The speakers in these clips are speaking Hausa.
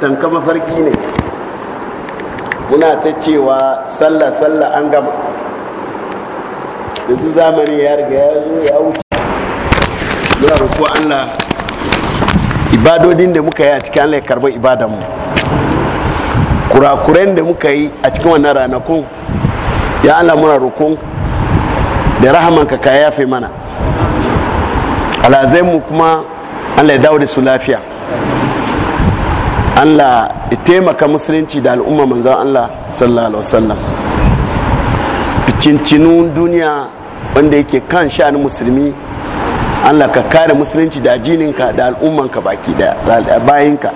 tanka mafarki ne muna ta cewa sallah sallah an gama da su zamani ya riga ya zo ya wuce muna roƙo allah ibadodin da muka yi a cikin allah ya karɓi ibadanmu kurakuren da muka yi a cikin wannan ranakun ya allah muna roƙon da rahaman ka yafe mana alazai mu kuma allah ya dawo da su lafiya Allah ya taimaka musulunci da al'umma manzan Allah sallallahu alaihi wasallam cincinin duniya wanda yake kan ni musulmi Allah ka kare musulunci da jininka da al'ummanka baki da bayanka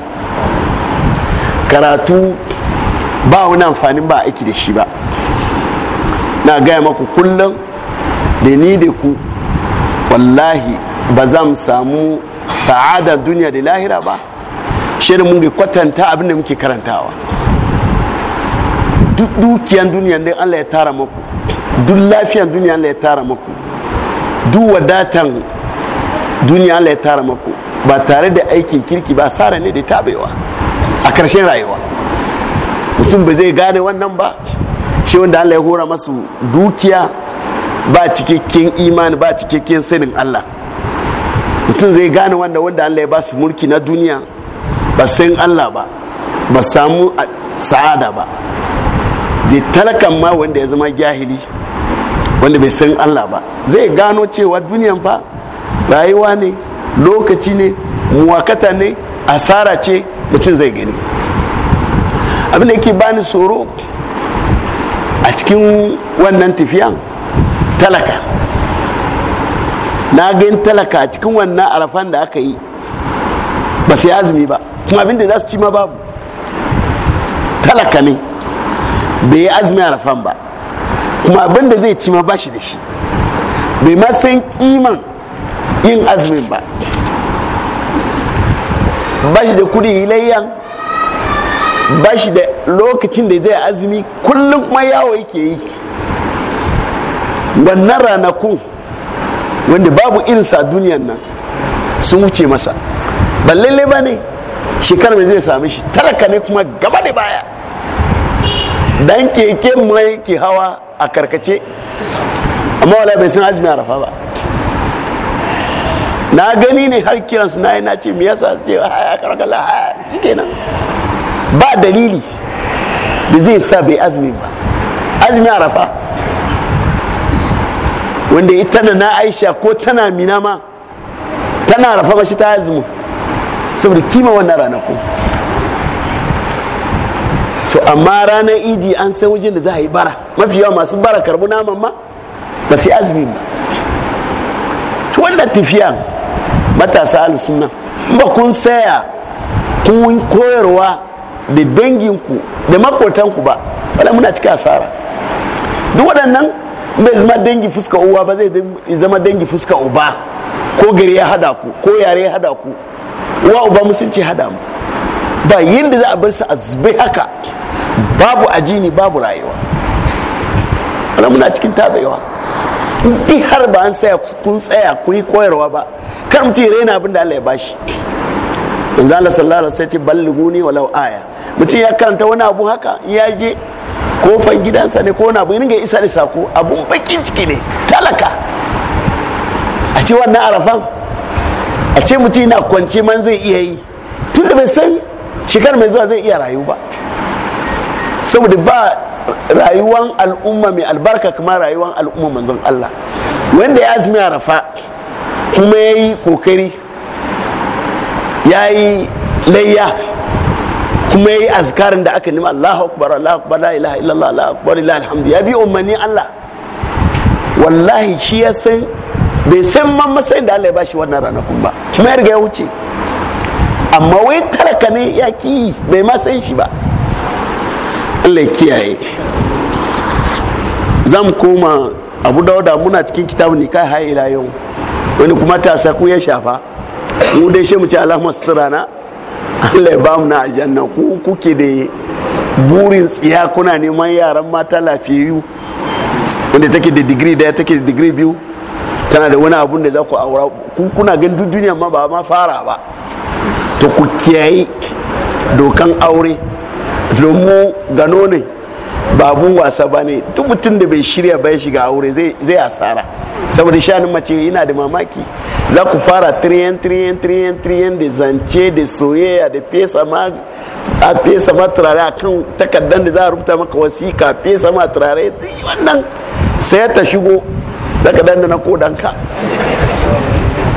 karatu ba wani amfani ba aiki da shi ba na gaya maku kullum da ni da ku wallahi ba zan samu sa'ada duniya da lahira ba shi mun ga kwatanta abin da muke karantawa duk dukiyan duniya ne Allah ya tara muku duk lafiyan duniya Allah ya tara muku duk wadatan duniya Allah ya tara muku ba tare da aikin kirki ba sara ne da tabewa a karshen rayuwa mutum ba zai gane wannan ba shi wanda Allah ya hora masu dukiya ba cikakken imani ba cikakken sanin Allah mutum zai gane wanda wanda Allah ya ba su mulki na duniya ba san Allah ba ba samu sa'ada ba da talakan ma wanda ya zama jahili wanda bai san Allah ba zai gano cewa duniyan fa rayuwa ne lokaci ne muwakata ne asara ce mutum zai gani abin da yake bani tsoro a cikin wannan tafiyan talaka na gani talaka a cikin wannan arafan da aka yi ba sai azumi ba kuma abin da za su ci ma babu talaka ne bai yi azumi rafan ba kuma abin da zai ci ma ba shi da shi bai ma san kiman yin azumin ba ba shi da kudi layyan ba shi da lokacin da zai azumi kullum kuma yawo yake yi wannan ranaku wanda babu irinsa a duniyan nan sun wuce masa ba lalle ba ne shekarar mai zai sami shi talaka ne kuma gaba da baya dan keke mai ke hawa a karkace amma wala bai san azumi arafa ba na gani ne har kiransu na yi na ce me yasa ce haya karakala haya kenan ba dalili da zai sa bai azumi ba azumi arafa wanda ita da na aisha ko tana mina ma tana rafa ba shi ta azumi saboda kima wannan ranaku to amma ranar idi an san wajen da za a yi bara mafi yawa masu bara karbu naman ma ba sai azumi ba to wanda tafiya matasa alusunan ba kun saya kun koyarwa da danginku da makotanku ba wadda muna cika asara duk waɗannan bai zama dangi fuska uwa ba zai zama dangi fuska uba ko gari ya hada ku ko yare ya hada ku wa uba musulci hada mu ba za a bar su azbe haka babu ajini babu rayuwa ana muna cikin tabewa in har ba an tsaya kun tsaya kun yi koyarwa ba kar mutum raina abin da Allah ya bashi manzo Allah sallallahu alaihi wasallam ya ce balliguni walau aya mutum ya karanta wani abu haka ya je kofan gidansa ne ko wani abu ringa isa da sako abun bakin ciki ne talaka a ce wannan arafan a ce mutum yana kwance man zai iya yi tun da bai san shekara mai zuwa zai iya rayu ba saboda ba rayuwan al'umma mai albarka kuma rayuwan al'umma manzon Allah wanda ya azumi rafa kuma ya yi kokari ya yi layya kuma ya yi azkarin da aka nima Allahu akbar Allahu akbar la ilaha illallah Allahu akbar ilaha alhamdu ya bi umarni Allah wallahi shi ya san bai san man matsayin da Allah ya bashi wannan ranakun ba kuma ya riga ya wuce amma wai talaka ne ya ki bai ma san shi ba Allah ya kiyaye zamu koma abu dauda muna cikin kitabun nikah har ila yau wani kuma ta saku ya shafa mu dai shi mu ci Allah Allahumma na Allah ya ba mu na aljanna ku kuke da burin tsiya kuna neman yaran mata lafiyayyu wanda take da digiri daya take da digiri biyu tana da wani abun da za ku aura kuna gan duk duniya ma ba ma fara ba to ku kiyaye dokan aure lomo gano ne babun wasa ba ne duk mutum da bai shirya bai shiga aure zai asara saboda shanin mace yana da mamaki za ku fara tiriyan tiriyan tiriyan tiriyan da zance da soyayya da fesa ma a fesa ma turare a kan takardar da za a rubuta maka wasika fesa ma turare wannan sai ta shigo daga dan na kodanka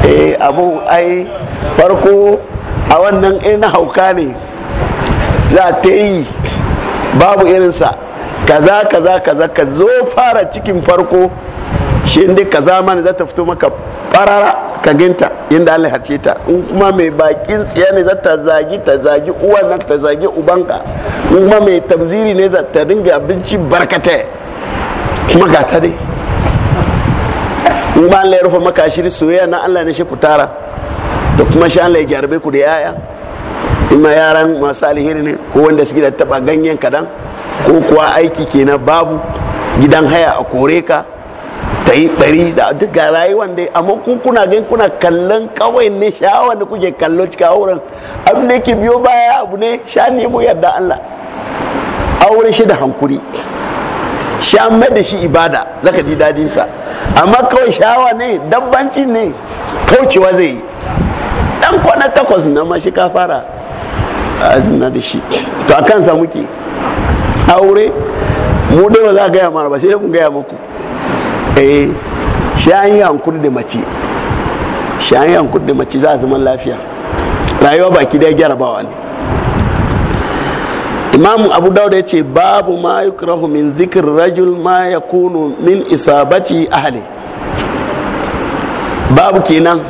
eh abu ai farko a wannan in hauka ne za ta yi babu irinsa kaza kaza kaza ka zo fara cikin farko shi inda kaza za ta fito maka farara ka ginta inda Allah harce ta in kuma mai bakin tsiya ne za ta zagi ta zagi uwan na ta zagi ubanka in kuma mai tabziri ne za ta dinga abinci barkatai kuma gata dai in ba Allah rufe maka shiri soyayya na Allah ne shi ku tara da kuma shi Allah ya gyarbe ku da yaya in ma yaran masu alheri ne ko wanda suke da taba ganyen kadan ko kuwa aiki kenan babu gidan haya a kore ka ta yi bari da duk ga rayuwan dai amma ku kuna gan kuna kallon kawai ne sha'awa da kuke kallo cika wurin abu ne ke biyo baya abu ne sha nemo yadda Allah aure shi da hankuri sha mai da shi ibada zaka ji dadin sa amma kawai shawa ne dabbanci ne kaucewa zai yi dan kwana takwas na ma shi ka fara na da shi to a kansa muke aure mu dai ba za ka gaya mana ba sai kun gaya muku eh shi an yi hankuri da mace shi an yi hankuri da mace za a zama lafiya rayuwa baki daya gyarabawa ne imam abu dauda ya ce babu ma yukrahu min zikir rajul ma ya kunu min isabati ahali babu kenan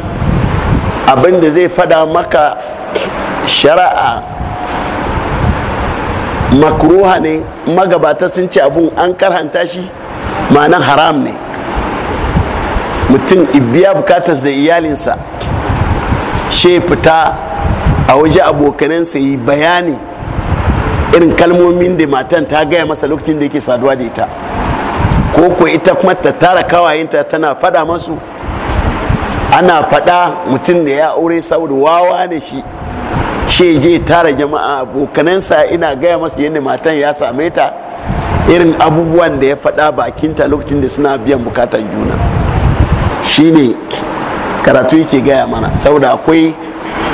abinda zai fada maka shari'a makruha ne magabata sun ce abun an karhanta shi ma'anan haram ne mutum ibiya bukatar da iyalinsa she fita a waje abokanansa yi bayani irin kalmomin da matan ta gaya masa lokacin da yake saduwa da ita ko ko ita kuma ta tara kawayenta tana fada masu ana fada mutum da ya aure saboda wawa ne shi shi je tara jama'a abokanansa ina gaya masa yadda matan ya same ta irin abubuwan da ya fada bakinta lokacin da suna biyan bukatar juna shine karatu yake gaya mana saboda akwai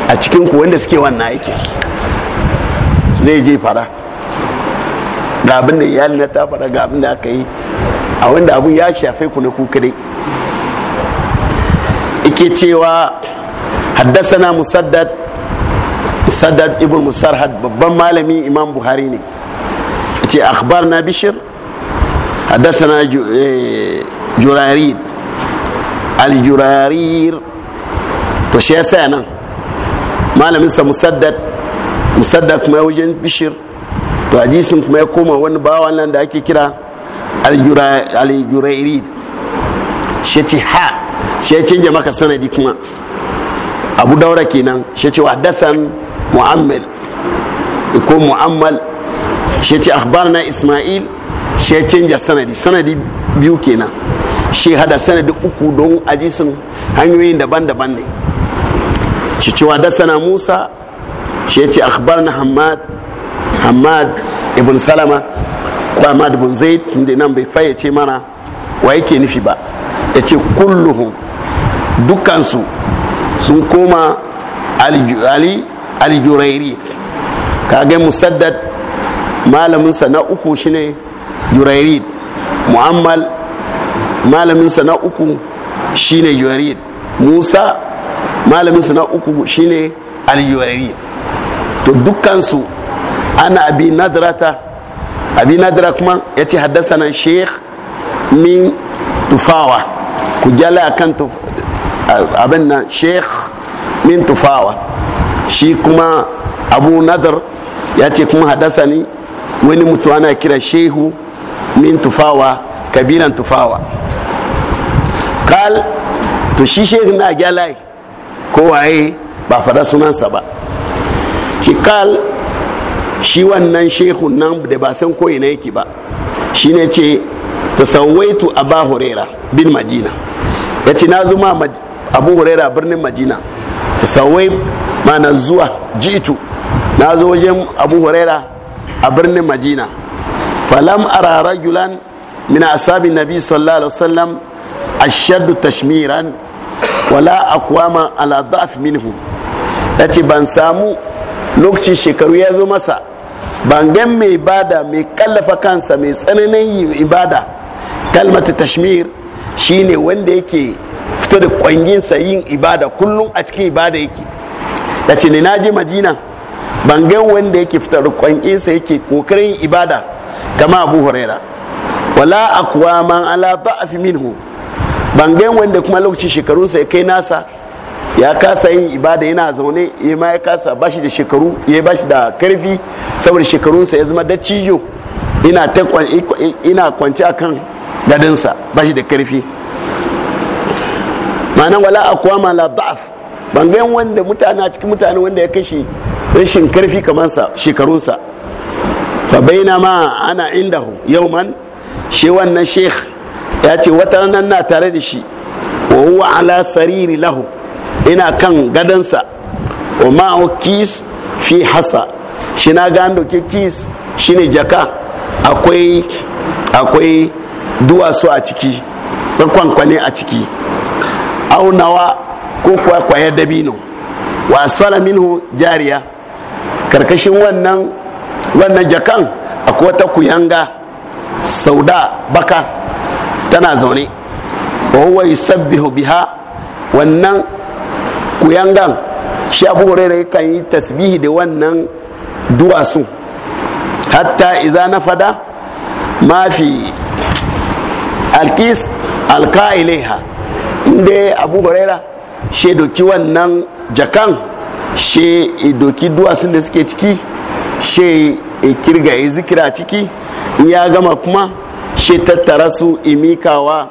a cikin ku wanda suke wannan aiki. zai je fara ga abin da iyali na ta fara ga abin da aka yi a wanda abu ya shafe ku na ku kadai ike cewa haddasana musaddad musaddad ibn musarhad babban malami imam buhari ne ce akhbar na bishir haddasana eh, jurarir al-jurarir to shi yasa nan malaminsa sa musaddad musadda kuma ya wajen bishir to hadisin kuma ya koma wani bawan nan da ake kira aljurairi shi ce ha shi ya canja maka sanadi kuma abu daura kenan shi ce wa dasan mu'ammal ko mu'ammal shi ce na isma'il shi ya canja sanadi sanadi biyu kenan shi hada sanadi uku don hadisin hanyoyin daban-daban ne shi ce wa dasana musa shi ya ce akhbarna hamad hamad ibn salama ko hamad ibn zaid inda nan bai ce mana wa yake nufi ba ya ce kulluhum dukkansu sun koma ali aljurairi ga musaddad sa na uku shine jurairi mu'ammal sa na uku shine jurairi musa sa na uku shine aljurairi to dukkansu ana abi nadrata abi nadra kuma ya ce haddasa sheikh min tufawa ku jala akan abin nan sheikh min tufawa shi kuma abu nadar ya ce kuma haddasa ni wani mutu ana kira shehu min tufawa kabilan tufawa kal to shi shehu na gyalai ko waye ba fada sunansa ba cikal shi wannan shehun nan da ba san ko ina yake ba shi ne ce tasawaitu ba huraira bin madina ya ce na zuma abu huraira birnin madina tasawai mana zuwa jitu na zo wajen abu huraira a birnin madina falam ara a min asabi nabi sallallahu alaihi wasallam ashaddu tashmiran wala akwama ala da'af minhu yace ban samu lokacin shekaru ya zo masa bangan mai bada mai kallafa kansa mai tsananin ibada kalmata tashmir shine wanda yake fito da kwanginsa yin ibada kullum a cikin ibada yake da ce ne na je madina bangan wanda yake fito da kwanginsa yake kokarin ibada kama abu huraira wala akwa man ala da'afi minhu bangan wanda kuma lokacin shekarunsa ya kai nasa ya kasa yin ibada yana zaune ya ma ya kasa bashi da shekaru ya bashi da karfi saboda shekarunsa ya zama da ina ina kwanci akan gadinsa bashi da karfi ma'anan wala ma la da'af ban wanda mutane a cikin mutane wanda ya kashe rashin karfi kamar sa shekarunsa fa baina ma ana indahu yawman shi wannan sheikh ya ce wata nan na tare da shi wa huwa ala sariri lahu ina kan gadansa wa ma'ahu kis fi hasa shi na gando ke kis ne jaka akwai akwai duwatsu a ciki kwankwane a ciki aunawa ko kwakwaya dabino wa asfala minhu jariya karkashin wannan wannan jakan akwai wata kuyanga sauda baka tana zaune wa huwa yusabbihu biha wannan kuyangan shi abu huraira kan yi tasbihi da wannan duwatsu hatta iza na fada mafi alkis alka inda abu huraira shi doki wannan jakan she doki duwatsun da suke ciki she kirga ya zikira ciki in ya gama kuma shi tattara su imikawa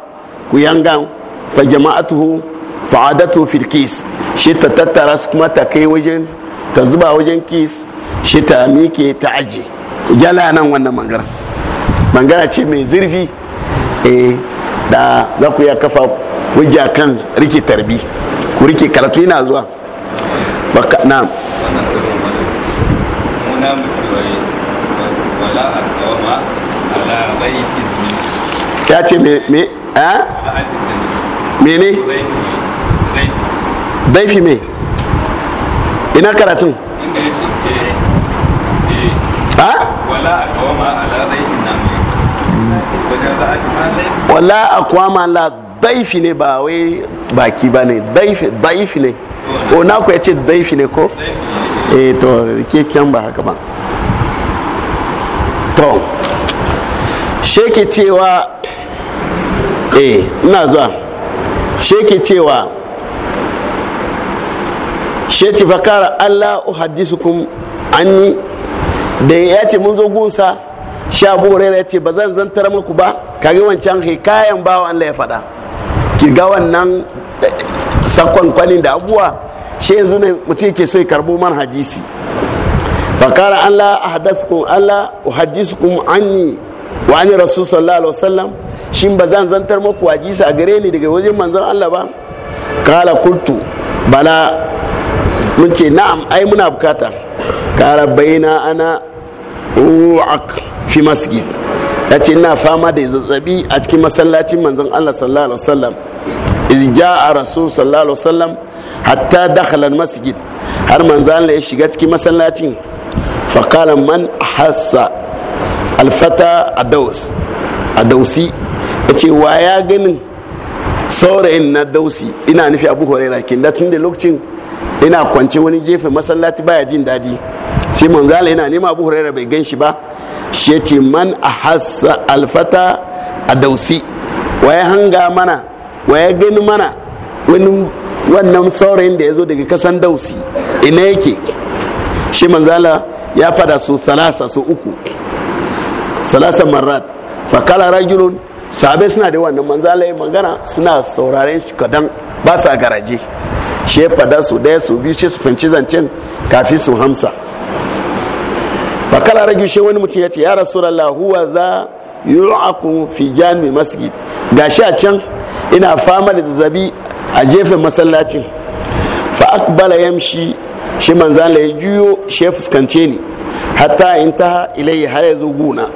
kuyangan fa jama'atuhu fa'adatu fil kis shi ta tattara su kuma ta kai wajen ta zuba wajen kis shi ta mike ta aji jala nan wannan mangara mangara ce mai zurfi eh da za ku ya kafa wajen kan rike tarbi ku rike karatu yana zuwa baka na ya ce me me eh? a mene daifi me ina karatun eh, eh, ha wala akwama la daifi ne ba wai baki ba ne daifi ne o na ku ya ce daifi ne ko eh to kekken ba haka ba to sheke cewa eh ina zuwa sheke cewa sheti fakara Allah uhaddisukum anni da ya ce mun zo gusa sha abu huraira ya ce ba zan zantar muku ba kage wancan hikayen bawa Allah ya faɗa ki ga wannan sakon kwalin da abuwa shi yanzu ne mutum ke so ya karbo man hadisi fakara Allah ahdathukum Allah uhaddisukum anni wa ni rasul sallallahu alaihi wasallam shin ba zan zantar muku hadisi a gare ni daga wajen manzon Allah ba kala kultu bala mun ce na'am ai muna bukata kara bayina ana wa'ak fi masjid ya ce na fama da zazzabi a cikin masallacin manzon Allah sallallahu alaihi wasallam iz ja'a rasul sallallahu alaihi wasallam hatta dakhala masjid har manzon Allah ya shiga cikin masallacin fa qala man hasa alfata dausi. adausi ce wa ya ganin saurayin na dausi ina nufi abu huraira kin da tun da lokacin ina kwance wani jefe masallaci baya jin dadi shi manzala yana nema abu huraira bai gan shi ba shi ya ce man a hasa alfata a dausi waya hanga mana waya gani mana wani wannan saurayin da ya zo daga kasan dausi ina yake shi manzala ya fada su salasa su uku salasa marat fakala rajulun sahabai suna da wannan manzala ya magana suna sauraren shi kadan ba sa garaje shefada su daya su biyu shi su finci zancen kafin su hamsa fakala rage shi wani mutum ya ce ya rasulallah huwa za yu'aku fi jami masjid shi a can ina fama da zazzabi a jefin masallacin fa akbala yamshi shi manzan ya juyo shi fuskance ni hatta in ta ilayya har ya guna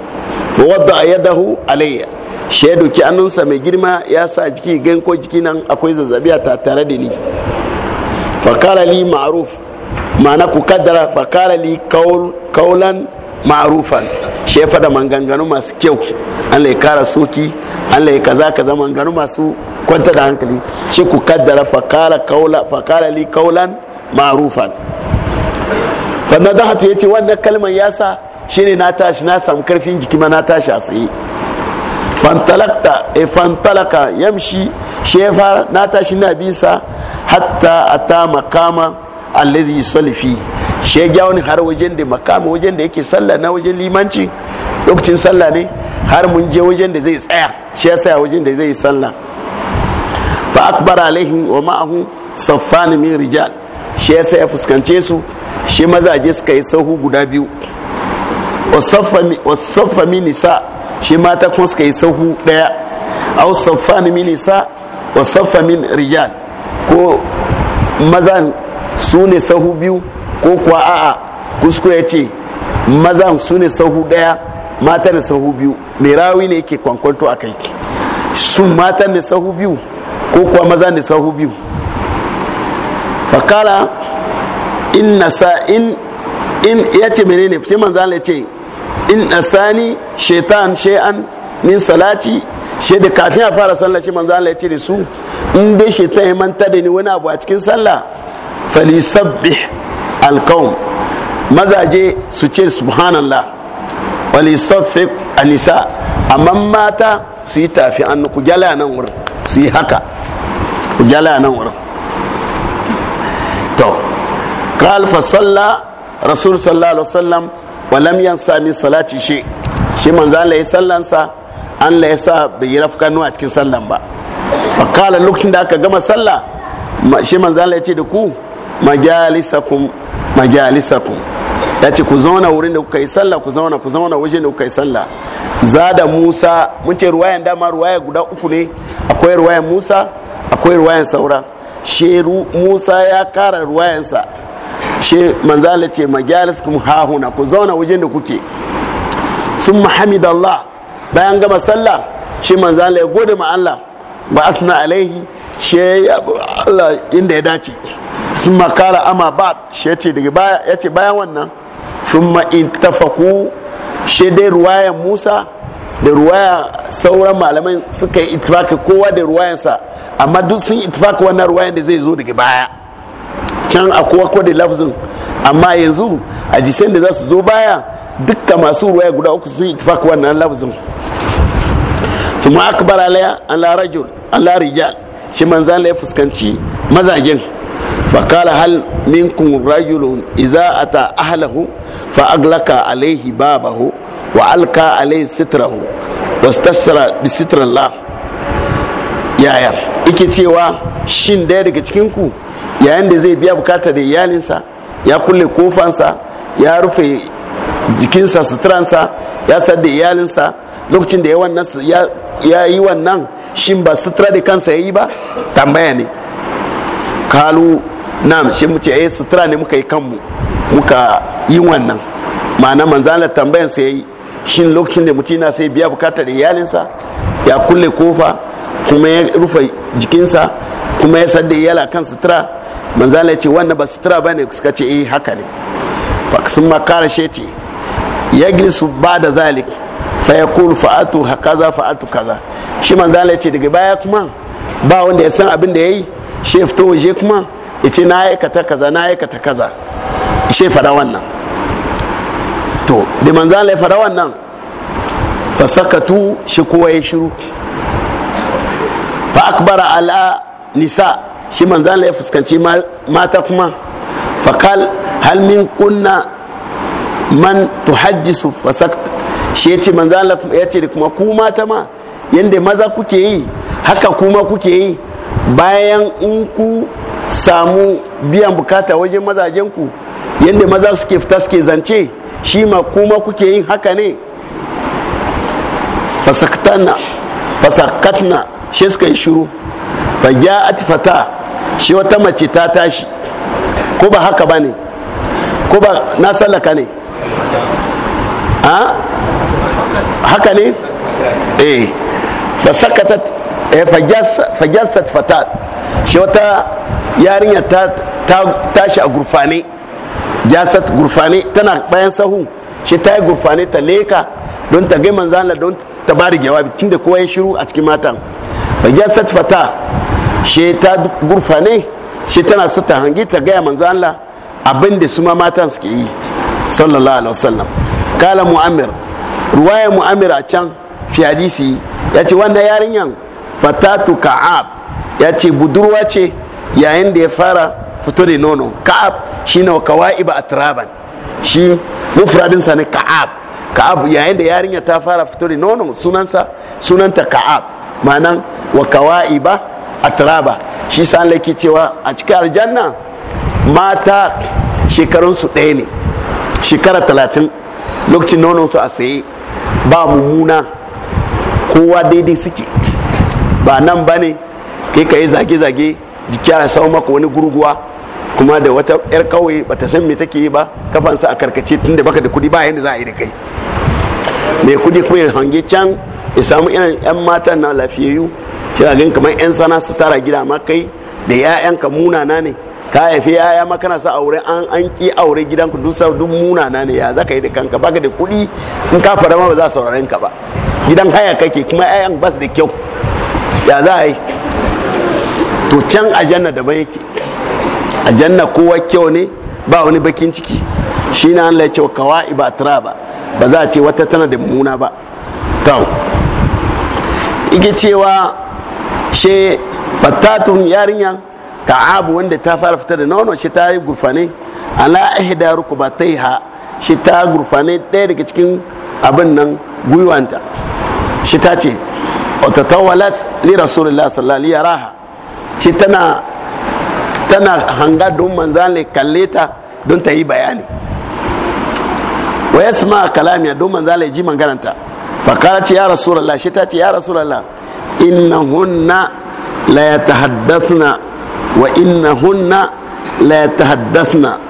fa wadda yadahu alayya shi ya doki annunsa mai girma ya sa jiki gan jiki nan akwai zazzabi a tattare da ni fakala li ma'ruf ma'ana ku kaddara fakala li kaulan ma'rufan shi ya fada manganganu masu kyau Allah ya kara soki Allah ya kaza kaza manganu masu kwanta da hankali shi ku kaddara fakala kaula fakala li kaulan ma'rufan fa nadahatu yace wannan kalmar yasa shine na tashi na samu karfin jiki ma na tashi a tsaye fantalakta e fantalaka yamshi shi na tashi na bisa hatta ata makama allazi yusalli fi shi ya wani har wajen da makama wajen da yake sallah na wajen limanci lokacin sallah ne har mun je wajen da zai tsaya shi ya tsaya wajen da zai sallah fa akbar alaihim wa ma'ahu saffan min rijal shi ya ya fuskance su shi mazaje suka yi sahu guda biyu wasaffa min nisa' shi mata kuma suka yi sahu daya a saffan min nisa wa saffa min rijal ko mazan su ne sahu biyu ko kuwa a'a kuskure ce mazan su ne sahu daya mata ne sahu biyu mai rawi ne yake kwankwanto a kai sun mata ne sahu biyu ko kuwa maza ne sahu biyu fakala in nasa in in ya ce menene sai manzo Allah ya ce in asani shaitan shay'an min salati shi da kafin a fara sallah shi manzo Allah ya ce da su in dai shaitan ya manta da ni wani abu a cikin sallah falisabbih alqaum mazaje su ce subhanallah walisaffik anisa amma mata su yi tafi an ku gyala nan wurin su yi haka ku gyala nan wurin to قال sallah رسول صلى الله عليه walam yan sami salati shi shi manzo Allah ya sallansa Allah ya sa bai yi rafkanu a cikin sallan ba kala lokacin da aka gama sallah shi manzo Allah ya ce da ku majalisakum majalisakum ya ce ku zauna wurin da kuka yi sallah ku zauna ku zauna wajen da kuka yi sallah zada musa mun ce ruwayan dama ruwaya guda uku ne akwai ruwayan musa akwai ruwayan saura sheru musa ya kara ruwayansa she manzala ce kuma hahuna ku zauna wajen da kuke sun Allah bayan gama sallah shi manzala ya gode ma Allah ba asna alaihi she Allah inda ya dace sun makara ama ba she ce daga baya ya ce bayan wannan sun intafaku she dai ruwayan Musa da ruwaya sauran malamai suka yi itfaka kowa da ruwayansa amma duk sun itfaka wannan ruwayan da zai zo daga baya can a kowa kodi lafzin amma yanzu a jisen da za su zo baya dukka masu ruwa guda uku sun itifaka wannan lafzin kuma akbar alaya ala rajul ala rijal shi manzo Allah ya fuskanci mazajen fa qala hal minkum rajulun idza ata ahlahu fa aglaka alayhi babahu wa alka alayhi sitrahu wastasara bi sitra Allah yaya ike cewa shin daya daga cikinku yayin da zai biya bukata da iyalinsa ya kulle kofansa ya rufe jikinsa suturansa ya sadda iyalinsa lokacin da ya yi wannan shin ba sutura da kansa ya yi ba tambaya ne kalu na shi mu ce eh sutura ne muka yi kanmu muka yi wannan ma'ana manzalar tambayansa ya yayi shin lokacin da mutum na sai biya bukatar iyalinsa ya kulle kofa kuma ya rufe jikinsa kuma ya sadda yala kan sutura manzala ya ce wanda ba sutura ba ne suka ce eh haka ne sun makara she ce ya su ba da zalik fa ya kulu fa'atu fa'atu kaza shi manzala ya ce daga baya kuma ba wanda ya san abin da ya yi shi fito waje kuma ya ce na aikata kaza na aikata kaza shi fara wannan to da manzala ya fara wannan fasakatu shi kowa ya shiru fa akbara ala nisa shi manzan ya fuskanci mata kuma fakal halmin kunna man tuhaddisu fasakta shi ya ce manzan ya ce kuma ku mata ma yadda maza kuke yi haka kuma kuke yi bayan in ku samu biyan bukata wajen mazajenku yadda maza suke fita suke zance shi ma kuma kuke yin haka ne fasakatna fasakatna shi suka yi shiru a fata shi wata mace ta tashi ko ba haka ba ne ko ba na sallaka ne ha haka ne eh fasakatat eh fajasat fatat shi wata yarinya ta tashi a gurfane jasat gurfane tana bayan sahu shi ta yi gurfane ta leka don ta gai manzana don ta da jawabi tunda kowa ya shiru a cikin matan fajasat fata she ta gurfane she tana sata ta hangi ta gaya manzo Allah abin su ma matan suke yi sallallahu alaihi wasallam kala mu'amir ruwaya mu'amir a can fi hadisi ya ce wannan yarinyan fatatu ka'ab ya ce budurwa ce yayin da ya fara fito da nono ka'ab shine ba a atraban shi mufradinsa ne ka'ab ka'ab yayin da yarinya ta fara fito da nono sunansa sunanta ka'ab ma'anan wa ba a turaba shi san laiki cewa a cikin aljanna mata shekarunsu ɗaya ne shekara talatin lokacin nononsu a saye ba mummuna kowa daidai suke ba nan ba ne kai ka yi zage-zage jiki a sao maka wani gurguwa kuma da wata yar kauye bata san me take yi ba kafansa a karkace tunda baka da kudi ba yanda za a yi da kai mai kudi kuma ya hange can ya samu irin yan mata na lafiyayyu kira gan kamar yan sana su tara gida ma kai da ya'yanka munana ne ka haifi yaya ma kana sa aure an an ki aure gidanku duk sau duk munana ne ya zaka yi da kanka baka da kuɗi in ka fara ma ba za a saurare ka ba gidan haya kake kuma yayan bas da kyau ya za a yi to can da daban yake A janna kowa kyau ne ba wani bakin ciki shi na Allah ya ce kawai ba tara ba ba za a ce wata tana da muna ba to ike cewa she fattatun yarinya abu wanda ta fara fita da nono shi ta yi gurfane ala ihda ha shi ta gurfane ɗaya daga cikin abin nan gwiwanta shi ta ce otatawalat li rasulullah sallallahu alaihi yaraha shi tana tana hanga don manzan kalle ta don ta yi bayani wa ya a kalamiya don manzan lai ji mangaranta fakara ce ya rasulallah shi ta ce ya rasulallah inna hunna la ya tahaddasna wa inna hunna la ya tahaddasna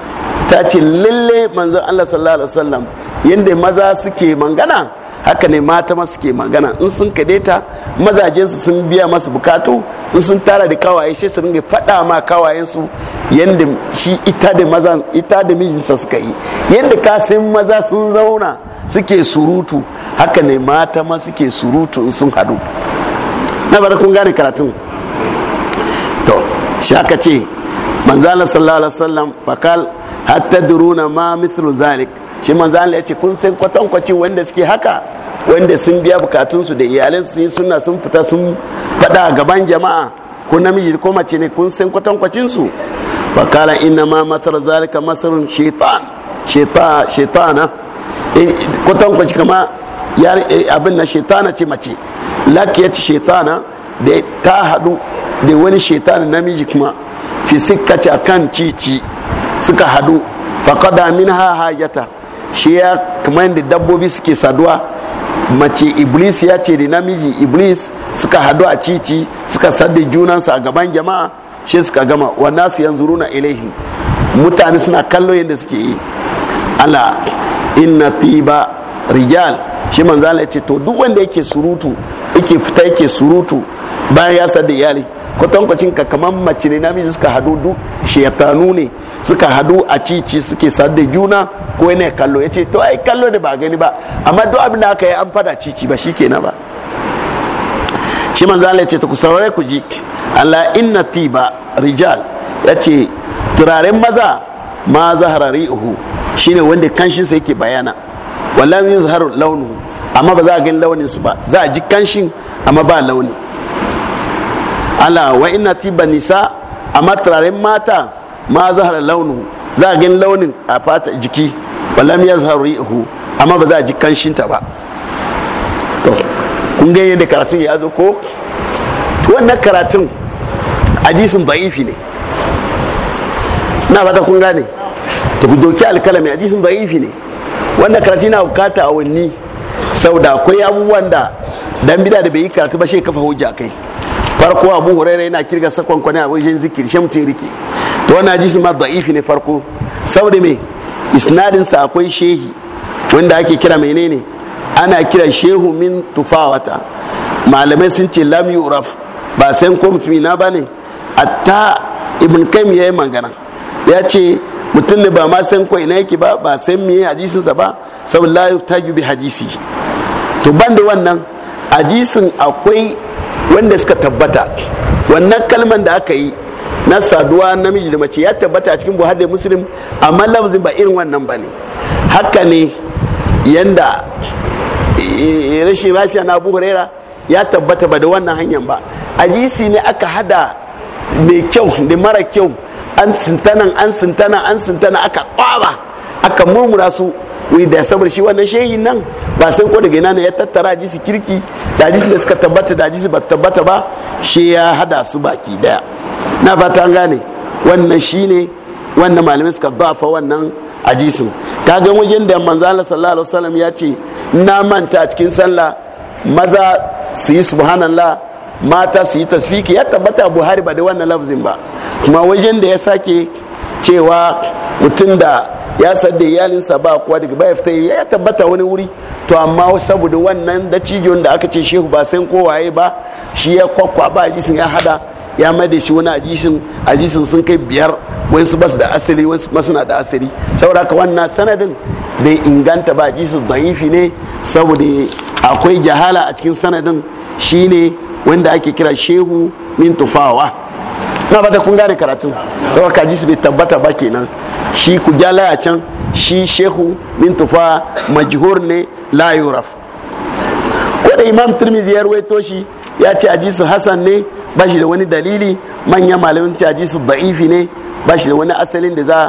ta ce lalle manzon Allah sallallahu alaihi wasallam yanda maza suke mangana haka ne mata ma suke mangana in sun kadaita mazajen su sun biya masu bukatu in sun tara da kawaye shi su ringa fada ma kawayen su yanda shi ita da maza ita da mijinsa suka yi yanda ka san maza sun zauna suke surutu haka ne mata ma suke surutu in sun hadu na bada kun gane karatun to shi aka ce manzala sallallahu alaihi wasallam fakal hatta duruna ma mislu zalik shi manzala ya ce kun san kwaci wanda suke haka wanda sun biya bukatunsu da iyalin su yi sunna sun fita sun fada gaban jama'a ko namiji ko mace ne kun san kwacin su fakala inna ma masar zalika masarun shaitan shaitana eh, kwaci kama eh, abin na shaitana ce mace lakiyat shaitana da ta hadu da wani shaitan namiji kuma fi a kan cici suka hadu ha ha hayata shi ya kuma yadda dabbobi suke saduwa mace iblis ya ce da namiji iblis suka hadu a cici suka sadda junansu a gaban jama'a shi suka gama wa nasu yanzu runa ilaihi mutane suna kallo yadda suke yi ala inna tiba rijal shi manzala ce to duk wanda yake surutu yake fita yake surutu bayan ya sa da iyali kwatankwacin ka kamar mace ne namiji suka hadu duk shaytanu ne suka hadu a cici suke sa da juna ko yana kallo Ya ce to ai kallo da ba gani ba amma duk abin da aka yi an fada cici ba kenan ba shi manzala ya ce ta ku saurare ku ji Allah inna tiba rijal yace turaren maza ma zahararihu shine wanda kanshinsa yake bayana min zahar launuhu amma ba za a gani launin su ba za a ji kanshin amma ba launi ala wa inna tiba nisa amma turaren mata ma zahar launuhu za a gani launin a fata jiki min zahar ri'uhu amma ba za a ji kanshin ta ba to kun ga yadda karatun ya zo ko to wannan karatun hadisin da'ifi ne na fata kun gane ta ku doki alkalami hadisin da'ifi ne wanda karatu na bukata a sau da akwai abubuwan da dan bida da bai yi karatu ba shi kafa hujja kai farko abu huraira yana kirga sakon kwana a wajen zikiri shi mutum rike to wannan shi ma da'ifi ne farko saboda me isnadin sa akwai shehi wanda ake kira menene ana kira shehu min tufawata malamai sun ce lam yuraf ba san ko mutum ina bane atta ibn kaim yayi magana ya ce mutum da ba ma san kwa ina yake ba ba san miye hadisinsa ba saboda la bi hadisi to ban da wannan hadisin akwai wanda suka tabbata wannan kalman da aka yi na saduwa namiji da mace ya tabbata a cikin buhari da muslim amma lafazin ba irin wannan ba ne haka ne yanda eh, rashin lafiya na abu ya tabbata ba da wannan hanyar ba hadisi ne aka hada mai kyau da mara kyau an sintana an sintana an sintana aka kwaba aka murmura su wai da sabar shi wannan shehin nan ba sai ko daga nan ya tattara su kirki da su da suka tabbata da su ba tabbata ba shi ya hada su baki daya na fata an gane wannan shine wannan malamin suka dafa wannan Ta ga wajen da manzo Allah sallallahu alaihi wasallam ya ce na manta cikin sallah maza su yi subhanallah mata su yi tasfiki ya tabbata buhari ba da wannan lafzin ba kuma wajen da ya sake cewa mutum da ya sadda iyalinsa ba kuwa daga baya fita ya tabbata wani wuri to amma saboda wannan da cijiyon da aka ce shehu ba san ko ba shi ya kwakwa ba ajisin ya hada ya da shi wani ajisin ajisin sun kai biyar wasu basu da asiri wasu kuma na da asiri saboda haka wannan sanadin bai inganta ba ajisin da'ifi ne saboda akwai jahala a cikin sanadin shine wanda ake kira shehu min tufawa na ba da kun gane karatu saboda kaji su bai tabbata ba kenan shi ku jala a can shi shehu min tufawa majhur ne la yuraf ko da imam tirmizi ya ruwaito shi ya ce hajisu hassan ne ba shi da wani dalili manyan malamin ce hadisin da'ifi ne ba shi da wani asalin da za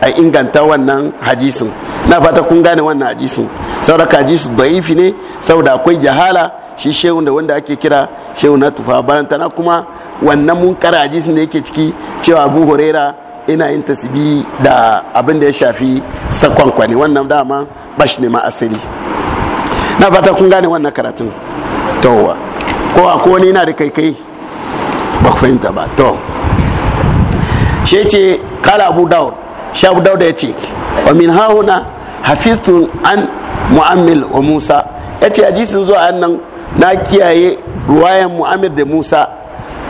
a inganta wannan hadisin na fata kun gane wannan hadisin saboda hadisi da'ifi ne saboda akwai jahala shi shehu da wanda ake kira shehu na tufa barantana kuma wannan mun kara hadisin da yake ciki cewa abu horera ina yin tasibi da abin da ya shafi sakonkwani wannan dama ba shi ne ma asali na fata kun gane wannan karatun towa ko a ko wani yana da kai kai ba ku fahimta ba to shi ce kala abu daud shi abu daud ya ce wa min hahuna hafistun an mu'ammil wa musa ya ce hadisin zuwa nan na kiyaye ruwayan mu'ammil da musa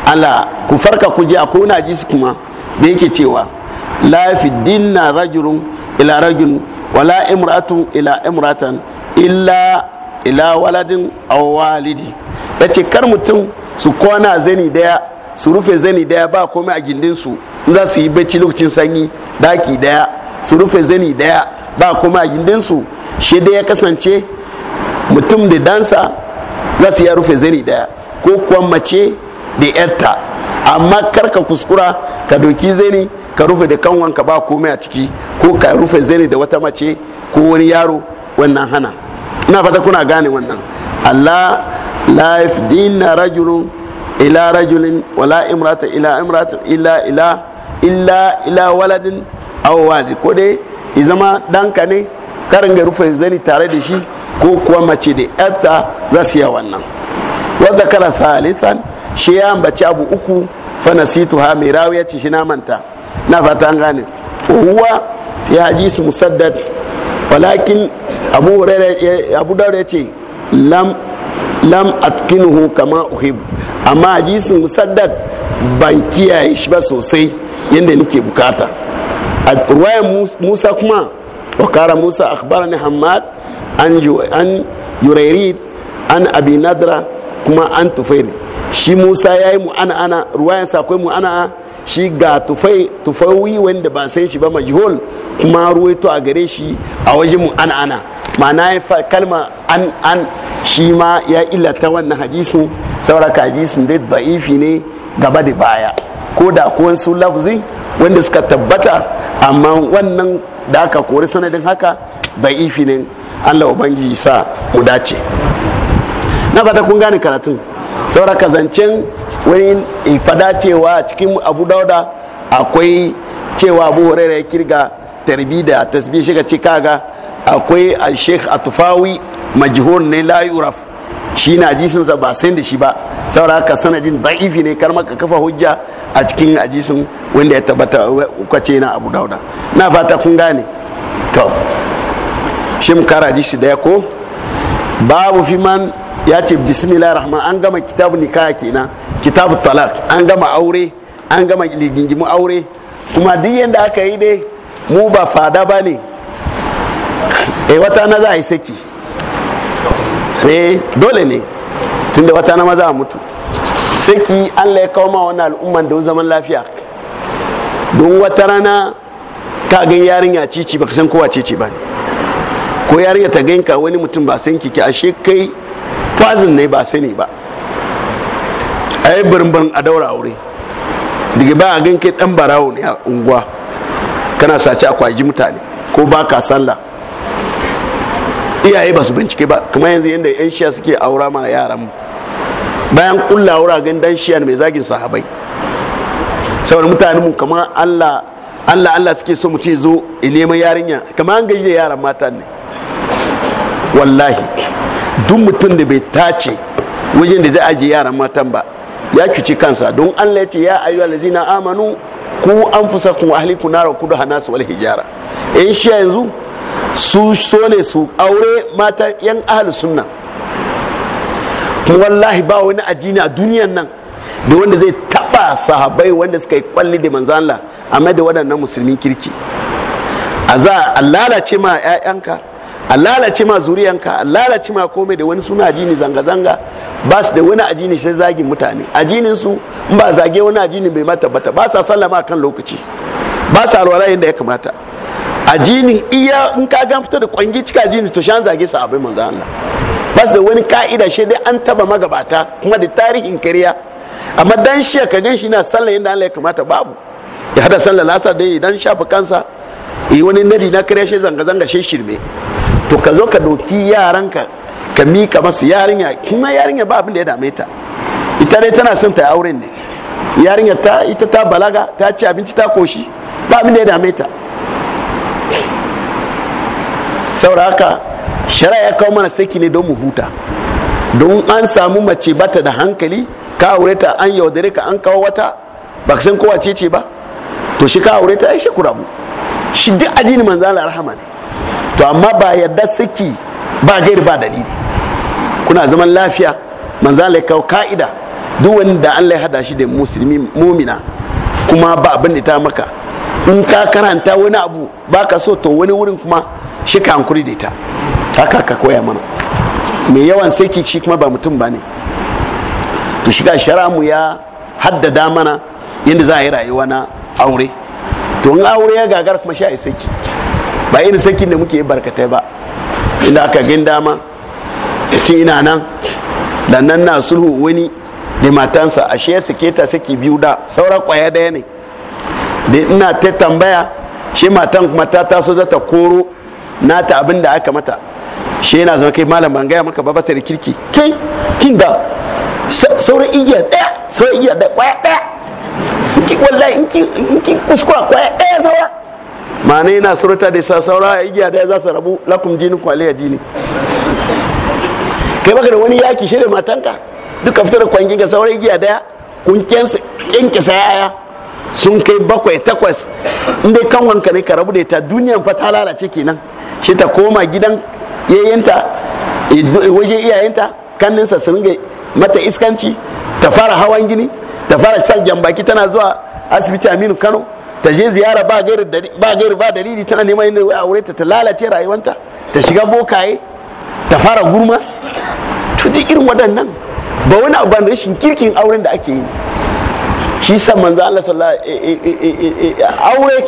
ala ku farka ku a kuna hadisi kuma da yake cewa la fi dinna rajulun ila rajulun wala imratun ila imratan illa ila waladin aw walidi yace kar mutum su kona zani daya su rufe zani daya ba komai a gindinsu za su yi bacci lokacin sanyi daki daya su rufe zani daya ba kuma gindinsu shi da ya kasance mutum da dansa za su ya rufe zani daya ko kuwa mace da yarta amma karka kuskura ka doki zani ka rufe da kanwanka ba komai a ciki ko ka rufe zani da wata mace ko wani yaro wannan hana ina fata kuna gane wannan allah din na rajulun ila rajulin wala imrata ila imrata ila ila illa ila waladin aw wali ko dai izama danka ne karin ga rufe zani tare da shi ko kuwa mace da yarta za su yi wannan wadda zakara salisan shi ya ambaci abu uku fa ha mai rawiya ci shi manta na fata an gane huwa ya hadisi musaddad walakin abu hurairah abu daura ya ce lam lam atkinuhu kama uhib amma hadisin musaddad ban kiyaye shi ba sosai yadda nake bukata a ruwayan musa kuma wakara musa ni hamad an yurairid an abi nadra kuma an tufairi shi musa ya yi mu'ana'ana ruwayansa akwai mu'ana'a shi ga tufai tufawi wanda ba sai shi ba majhul kuma ruwaito a gare shi a wajen mu ana ana ma'ana ya fa kalma an an shi ma ya illata wannan hadisu sauraka hadisin dai da'ifi ne gaba da baya ko da akwai su lafzi wanda suka tabbata amma wannan da aka kori sanadin haka da'ifi ne Allah ubangiji sa mu dace na fata kun gane karatun saura kazancen wani fada cewa cikin abu dauda akwai cewa abu horaira ya kirga tarbi da tasbi shiga cikaga akwai al-sheikh atufawi majhur ne la yuraf shi na hadisinsa ba sai da shi ba saboda haka sanadin da'ifi ne kar maka kafa hujja a cikin hadisin wanda ya tabbata kwace na abu dauda na fata kun gane to shi mu kara hadisi daya ko babu fi man ya ce bismillah rahman an gama kitabu nikaya kenan kitabu talak an gama aure an gama ligingimu aure kuma duk yadda aka yi dai mu ba fada ba ne e wata na za a yi saki e dole ne tunda wata na maza a mutu saki allah ya kawo ma wani al'umman don zaman lafiya don wata rana ka gan yarinya cici baka san kowa cici ba ko yarinya ta ka wani mutum ba san kike ashe kai fazin ne ba sani ba a yi birnin a daura aure daga ba a ganke dan barawo ne a unguwa kana sace akwaji mutane ko ba ka sallah iyaye ba su bincike ba kuma yanzu yadda yan shiya suke aura mana yaran mu bayan kulla wura gan dan shiya mai zagin sahabai saboda mutanen mu kamar Allah Allah Allah suke so mu ce zo neman yarinya kamar an gaji da yaran mata ne wallahi duk mutum da bai tace wajen da zai ajiye yaran matan ba ya cuci kansa don an ya ce ya ayyuhal amanu ku anfusakum wa ahlikum nara kudu hanasu wal hijara in shi yanzu su so ne su aure mata yan ahal sunna wallahi ba wani ajini a duniyan nan da wanda zai taba sahabai wanda suka yi kwalli da manzan Allah amma da waɗannan musulmin kirki a za a lalace ma ƴaƴanka. a lalace ma zuriyanka a lalace ma komai da wani suna ajini zanga-zanga ba su da wani ajini sai zagin mutane ajinin su ba zage wani ajini bai mata ba sa sallama kan lokaci ba sa alwala yadda ya kamata ajinin iya in ka gan fita da kwangi cika ajini to shan zage sa abin manzo Allah ba su da wani ka'ida shi dai an taba magabata kuma da tarihin kariya amma dan shi ka gan shi na sallah yadda Allah ya kamata babu ya hada sallah lasa dai dan shafa kansa yi eh, wani nadi na kare shi zanga-zanga shi shirme to ka zo ka doki yaranka ka mika masu yarinya kuma yarinya ba abin da ya dame ta ita dai tana son ta yi auren ne yarinya ta ita ta balaga ta ci abinci ta koshi ba abin da ya dame ta saboda haka shari'a ya kawo mana saki ne don mu huta don an samu mace bata da hankali ka aure ta an yaudare ka an kawo wata ba ka san kowa ce ce ba to shi ka aure ta ai shi ku shi duk addini manzo Allah rahama ne to amma ba yadda saki ba gairi ba dalili kuna zaman lafiya manzo Allah ya ka'ida duk da Allah ya hada shi da musulmi mumina kuma ba abin da ta maka in ka karanta wani abu baka so to wani wurin kuma shi ka hankuri da ita haka ka koya mana mai yawan saki shi kuma ba mutum ba ne to shiga shara mu ya haddada mana yadda za a yi rayuwa na aure to in aure ya gagar kuma sha saki ba irin sakin da muke yi barkatai ba inda aka gin dama da ina nan da nan na sulhu wani da matansa shi ya sake ta saki biyu da sauran kwaya daya ne da ina ta tambaya shi matan kuma ta taso za ta koro nata abin da aka mata shi yana zama kai malam ban gaya maka babata da kirki kai kin da sauran igiya daya sauran igiya daya kwaya daya ki wallahi in ki in akwai eh sawa ma'ana yana surata da ya igiya da za su rabu lakum jinin kwaliya jini kai baka da wani yaki shi da matanka duka fitar kwangin ga saura giya daya kun kyanke yaya sun kai bakwai takwas inda kan wanka ne ka rabu da ta duniyan fa ta lalace kenan shi ta koma gidan yayinta waje iyayenta kanninsa su ringa mata iskanci ta fara hawan gini ta fara shan jambaki tana zuwa asibiti aminu kano ta je ziyara ba gairu ba dalili tana neman yin aure ta ta lalace rayuwanta ta shiga bokaye ta fara gurma tuji irin waɗannan ba wani abu da rashin kirkin auren da ake yi shi san manzo Allah sallallahu eh, eh, eh, aure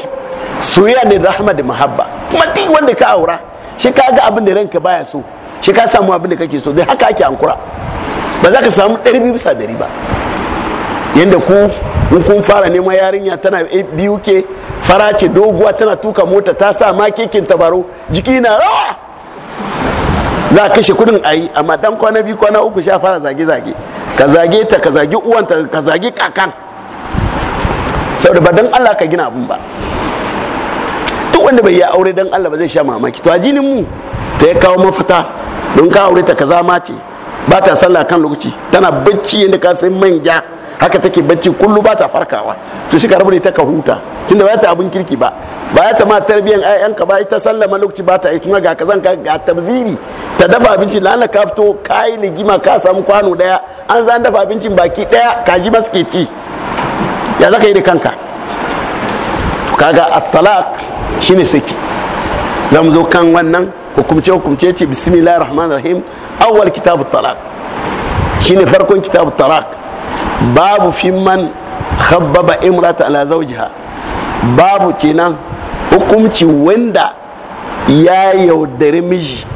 soyayya ne rahama da muhabba kuma duk wanda ka aura shi ka ga abin da ranka baya so shi ka samu abin da kake so dai haka ake ankura ba za ka samu ɗari biyu bisa ɗari ba yadda ku in kun fara neman yarinya tana eh, biyu ke fara ce doguwa tana tuka mota ta sa ma kekin tabaro jiki na rawa za a kashe kudin ayi yi amma dan kwana biyu kwana uku sha fara zage-zage ka zage ta ka zage uwanta ka zage kakan saboda ba dan allah ka gina abun ba duk wanda bai yi aure dan allah ba zai sha mamaki to a jinin mu ta ya kawo mafita don ka aure ta kaza zama ce ba ta sallah kan lokaci tana bacci yadda ka san manja haka take bacci kullu ba ta farkawa to shi ka rabu ta ka huta tunda ba ta abin kirki ba ba ta ma tarbiyan ayyanka ka ba ita ma lokaci ba ta yi kuma ga kazan ka ga tabziri ta dafa abinci lana ka fito kai ligima ka samu kwano daya an zan dafa abincin baki daya ka ji suke ci ya zaka yi da kanka kaga at-talaq shine saki zamu zo kan wannan hukumce hukumce ce bismillah rahman rahim awwal kitabut talaq shine farkon kitabut talak babu fimman khabbaba imrata ala zawjiha babu kenan hukumci wanda ya yaudare miji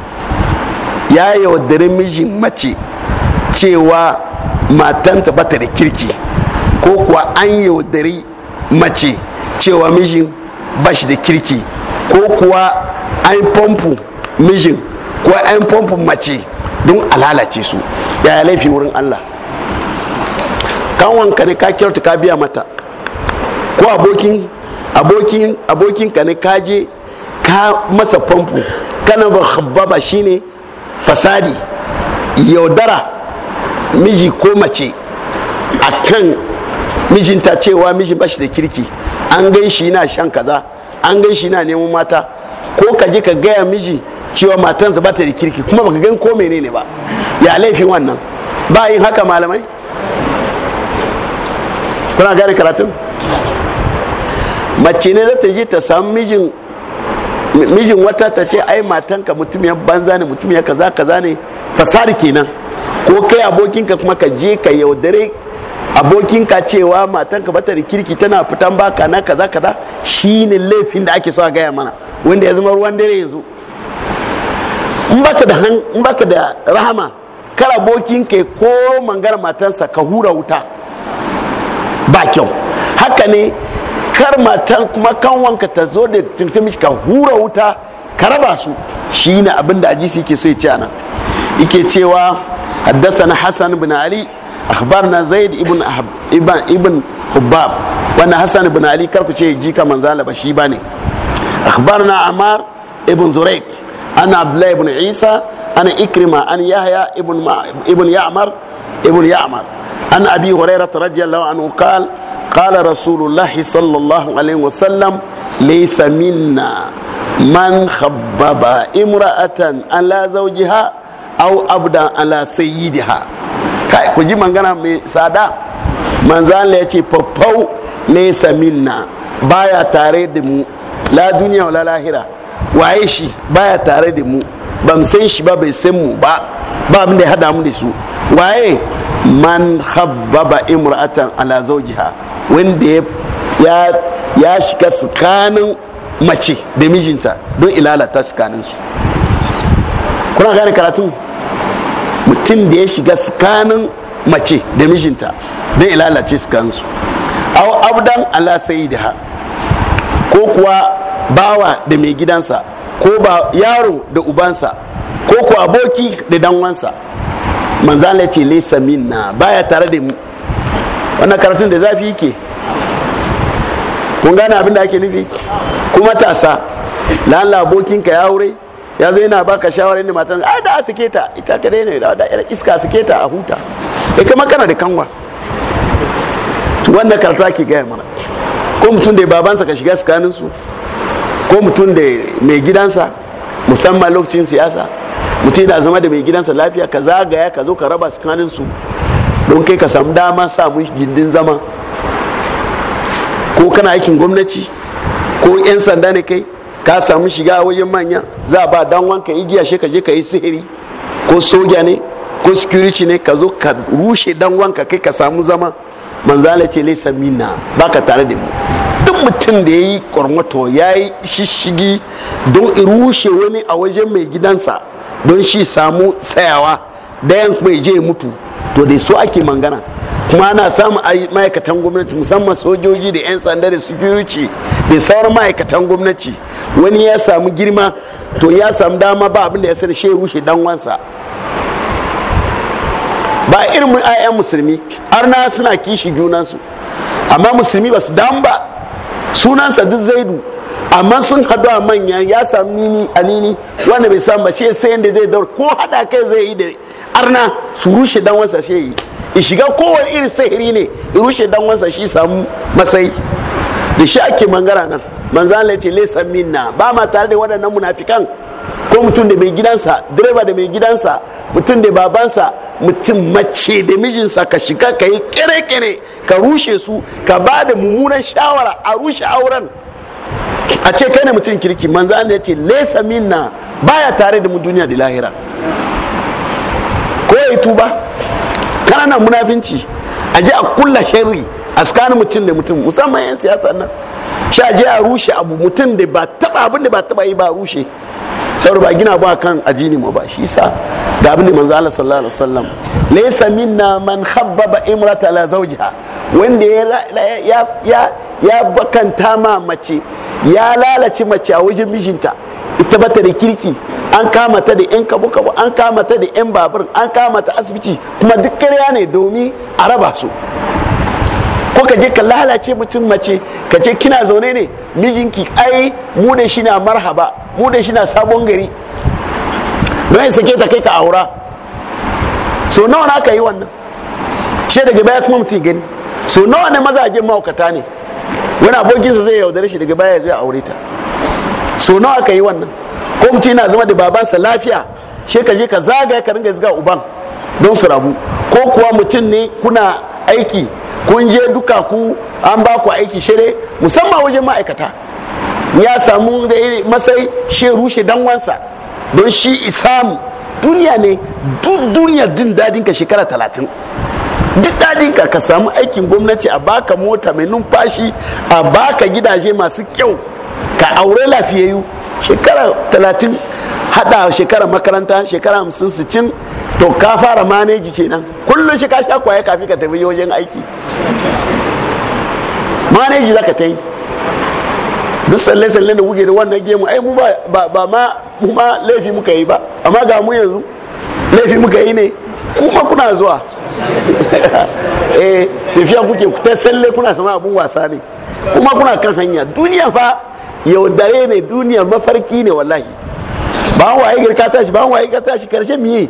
ya yaudare miji mace cewa matanta bata da kirki ko kuwa an yaudari mace cewa mijin bashi da kirki ko kuwa an famfo mijin ko 'yan famfon mace don a lalace su yaya laifin wurin allah kawon ne ka kyautu ka biya mata ko abokin abokin abokin ka ne ka ka masa famfo kana ba khababa shine fasadi yaudara miji ko mace a kan mijinta cewa mijin bashi da kirki an gan shi na shan kaza an gan shi na neman mata ko ka je ka gaya miji cewa matansa ba ta da kirki kuma ba baka gan ko menene ba ya laifin wannan ba yin haka malamai kuna gane karatun mace ne zata ta je ta samu mijin mijin wata ta ce ai matanka ya banza ne ya kaza kaza ne fasari kenan ko kai abokinka kuma ka je ka yaudare abokinka cewa matanka bata da kirki tana fitan baka na kaza kaza shine laifin da ake so a gaya mana wanda ya zama ruwan dare yanzu in baka da in baka da rahama kar abokinka ko mangara matansa ka hura wuta ba kyau haka ne kar matan kuma kan wanka ta zo da tuntumi ka hura wuta ka raba su shine abin da ajisi ke so ya ce anan yake cewa حدثنا Hassan بن علي Na zaid ibn ibn ibn hubbab wannan ibn ali karku ce jika manzala ba shi bane akhbarna amar ibn zuraik ana abdullah ibn isa ana ikrima an yahya ibn ibn ya'mar ibn ya'mar an abi hurairah radiyallahu kala qala قال رسول الله صلى الله عليه وسلم ليس منا من خبب امرأة على زوجها أو أبدا على سيدها kai ku ji magana mai tsada manzan ya ce faffau nesa minna baya tare da mu la duniya wala lahira waye shi baya tare da mu ban san shi ba bai san mu ba ba abin da ya hada mu da su waye man khabbaba imra'atan ala zawjiha wanda ya ya shiga tsakanin mace da mijinta don ilalata tsakanin su kuna gane karatu mutum da ya shiga tsakanin mace da mijinta don ilalace kansu aw abdan ala sayyidiha ko kuwa bawa da mai gidansa ko ba yaro da ubansa ko kuwa aboki da danwansa manzala ce laysa minna baya tare da mu wannan karatun da zafi yake kun gane abin da ake nufi kuma tasa lalla abokinka ya aure ya zo yana baka shawara inda matan ai da suke ta ita ka daina da da iska suke ta a huta eh kuma kana da kanwa to wannan ke gaya mana ko mutum da babansa ka shiga tsakanin su ko mutum da mai gidansa musamman lokacin siyasa mutum da zama da mai gidansa lafiya ka zagaya ka zo ka raba tsakanin don kai ka samu dama samu gindin zama ko kana aikin gwamnati ko 'yan sanda ne kai ka samu shiga wajen manya za a ba dan wanka igiya shi ka je ka yi sihiri ko soja ne ko security ne ka zo ka rushe dan wanka kai ka samu zama manzala ce laisa minna ka tare da mu duk mutum da ya yi kwarmato ya yi shishigi don rushe wani a wajen mai gidansa don shi samu tsayawa dayan kuma ya je mutu to da su ake mangana kuma ana samun ma'aikatan gwamnati musamman sojoji da 'yan sanda da security da sauran ma'aikatan gwamnati wani ya samu girma to ya samu dama ba abinda ya sani shi rushe dan wansa ba irin yayan musulmi har na suna kishi junansu amma musulmi ba su damu ba sunansa duk zaidu amma sun hadu a manya ya samu nini a nini wanda bai samu ba sai yadda zai daura ko hada kai zai yi da arna su rushe dan wasa shi yi shiga kowane irin sahiri ne rushe dan wasa shi samu masai da shi ake mangara nan manzo Allah ce laysa minna ba ma tare da waɗannan munafikan ko mutum da mai gidansa direba da mai gidansa mutum da babansa mutum mace da mijinsa ka shiga ka yi kere-kere ka rushe su ka ba da mummunan shawara a rushe auren a ce kai ne mutum kirki manzo Allah yace laysa minna baya tare da mu duniya da lahira ko ya tuba kana munafinci a a kulla sharri askanin mutum da mutum musamman 'yan siyasa nan sha je a rushe abu mutum da ba taba abin da ba taba yi ba rushe saboda ba gina ba kan ajini mu ba shi sa da abin da manzo Allah sallallahu alaihi wasallam laysa minna man khabbaba imrata la zawjiha wanda ya ya ya bakanta ma mace ya lalace mace a wajen mijinta ita bata da kirki an kama ta da yan kabu kabu an kama ta da yan babur an kama ta asibiti kuma duk ƙarya ne domin a raba su ka je ka lalace mutum mace ka ce kina zaune ne mijinki ai mu da shi na marhaba mu da shi na sabon gari don sake ta kai ka aura so nawa na ka yi wannan shi daga baya kuma mutum gani so nawa ne mazajen maukata ne wani abokinsa zai yaudare shi daga baya zai aure ta so nawa ka yi wannan ko mutum yana zama da babansa lafiya shi ka je ka zagaya ka ringa zuga uban don su rabu ko kuwa mutum ne kuna aiki kun je duka ku an ba ku aiki shere musamman wajen ma'aikata ya samu da iri masai she rushe danwansa don shi isamu duniya ne duk duniya din dadinka shekara talatin duk dadinka ka samu aikin gwamnati a baka mota mai numfashi a baka gidaje masu kyau ka aure lafiyayyu shekara talatin hada shekara makaranta shekara hamsin sittin to ka fara maneji kenan kullum shi ka sha kwaye kafin ka tafi wajen aiki maneji za ka ta yi duk tsalle-tsalle da kuke da wannan gemu ai mu ba ma kuma laifi muka yi ba amma ga mu yanzu laifi muka yi ne kuma kuna zuwa eh tafiya kuke ta tsalle kuna sama abin wasa ne kuma kuna kan hanya duniya fa yaudare ne duniya mafarki ne wallahi ba waye girka tashi ba waye girka tashi karshen miye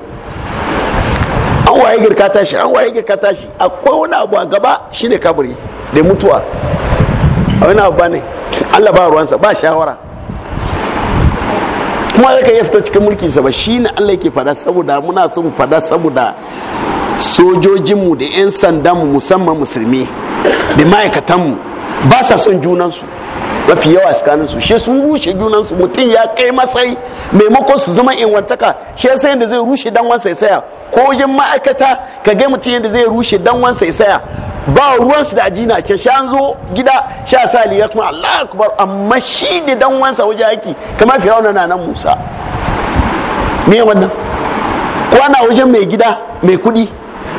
an waye girka tashi an waye girka tashi akwai wani abu a gaba shine kaburi da mutuwa a wani abu ne allah ba ruwansa ba shawara kuma zaka yi fita cikin mulki sa shi ne allah yake fada saboda muna son fada saboda sojojinmu da 'yan sandanmu musamman musulmi da ma'aikatanmu ba sa son junansu mafi yawa tsakanin su shi sun rushe junan su mutum ya kai matsayi maimakon su zama wantaka shi yasa yadda zai rushe dan wansa ya saya ko wajen ma'aikata ka ga mutum yadda zai rushe dan wansa ya saya ba ruwan su da ajina can sha an zo gida sha sa liya kuma Allah akbar amma shi da dan wansa wajen aiki kamar firawuna na nan Musa me wannan ko ana wajen mai gida mai kuɗi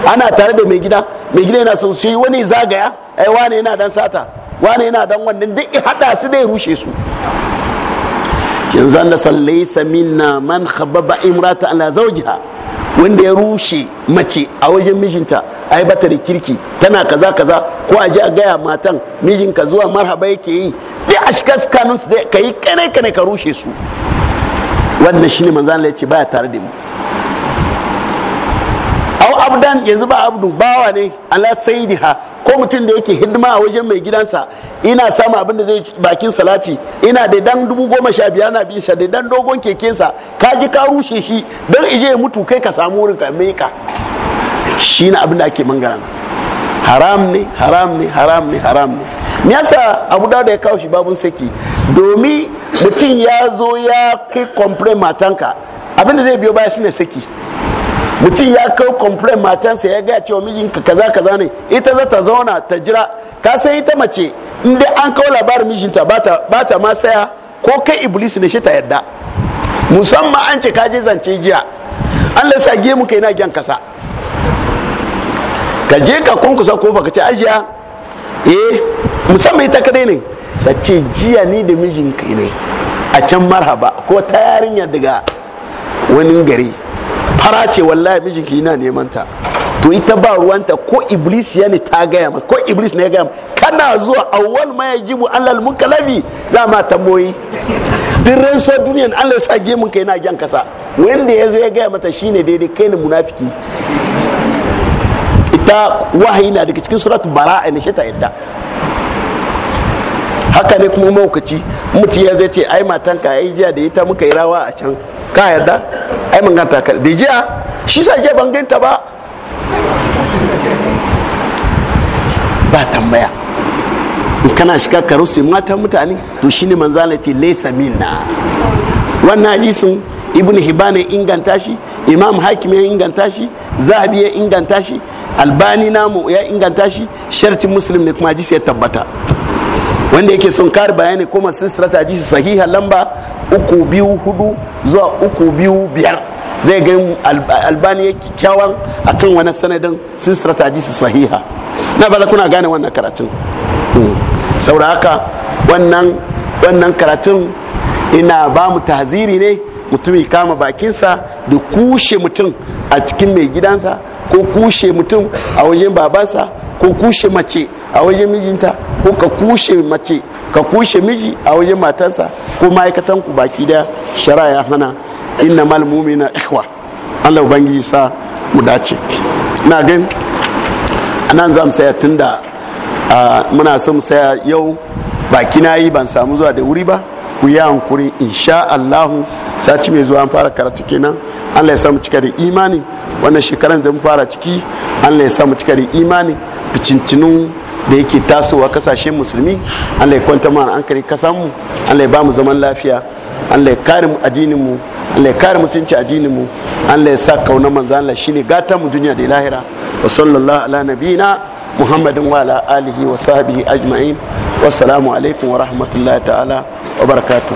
ana tare da mai gida mai gida yana son shi wani zagaya ai wani yana dan sata wane yana dan wannan duk i hada su dai rushe su kin na da sallaisa minna man khababa imrata ala zawjiha wanda ya rushe mace a wajen mijinta ai bata da kirki tana kaza kaza ko a ji a gaya matan mijinka zuwa marhaba yake yi duk a shiga tsakanin su dai kai kane kane ka rushe su wannan shine manzo Allah ya ce baya tare da mu abdan yanzu ba abdu bawa ne ala sayidiha ko mutum da yake hidima a wajen mai gidansa ina samu abin da zai bakin salati ina da dan dubu goma sha biyar na bin sha da dan dogon kekensa ka ji ka rushe shi don ije ya mutu kai ka samu wurin ka mai ka shi na abin da ake mangana haram ne haram ne haram ne haram ne me yasa abu da ya kawo shi babun saki domin mutum ya zo ya kai complain matanka abin da zai biyo baya shine saki mutum ya kawo complain matansa ya gaya cewa mijinka kaza kaza ne ita za ta zauna ta jira ka san ita mace in dai an kawo labarin mijinta ba ta ma saya ko kai iblis ne shi ta yadda musamman an ce kaje zance jiya an lasa gemu kai na gyan kasa ka je ka kunkusa kofa ka ce ajiya eh musamman ita kadai ne ka ce jiya ni da mijinka ne a can marhaba ko ta yarinya daga wani gari fara ce wallahi mijinki yana neman ta to ita ba ruwanta ko iblis ya ne ta gaya masa ko iblis ne ya gaya kana zuwa awwal ma ji mu allal mukalabi za ma tamboyi din ran so duniyan allah sa mun kai na gyan kasa wanda ya zo ya gaya mata shine daidai kai ne munafiki ita wahayi na daga cikin suratul bara'a ne shi ta yadda haka ne kuma maukaci mutu ya zai ce ai ka ai jiya da ita muka yi rawa a can ka yarda ai mun ganta ka da jiya shi sa jiya ban ganta ba ba tambaya in kana shiga ka matan mutane to shine manzala ce laysa minna wannan hadisin ibn hibana inganta shi imam hakim ya inganta shi zahabi ya inganta shi albani namu ya inganta shi sharti muslim ne kuma hadisi ya tabbata wanda yake son kare bayani kuma strategy ji sahiha lamba uku biyu hudu zuwa uku biyu biyar zai ga albani ya kyawan akan wani sanadin sun strategy ji sahiha na bala kuna gane wannan karatun hmm. sauraka haka wannan karatun ina ba mu tahziri ne mutum ya kama bakinsa da kushe mutum a cikin mai gidansa ko kushe mutum a wajen babansa ko kushe mace a wajen mijinta ko ka kushe mace ka kushe miji a wajen matansa ko ma'aikatan ku baki da shari'a ya hana inna mal mu'mina ihwa Allah ubangiji sa mu dace na gan anan zamu saya tunda muna son saya yau baki na yi ban samu zuwa da wuri ba ku yi hankuri insha Allahu sati mai zuwa an fara karatu kenan Allah ya samu cika da imani wannan shekaran zan fara ciki Allah ya samu cika da imani cincinu da yake tasowa kasashen musulmi Allah ya kwanta mana an kare kasan mu Allah ba mu zaman lafiya Allah ya kare mu addinin mu Allah kare mutunci addinin mu Allah ya sa kauna manzo Allah shine gata mu duniya da lahira wa sallallahu ala nabiyina muhammadin wa ala alihi wa sahbihi ajma'in wassalamu alaikum wa rahmatullahi ta'ala wa barakatu.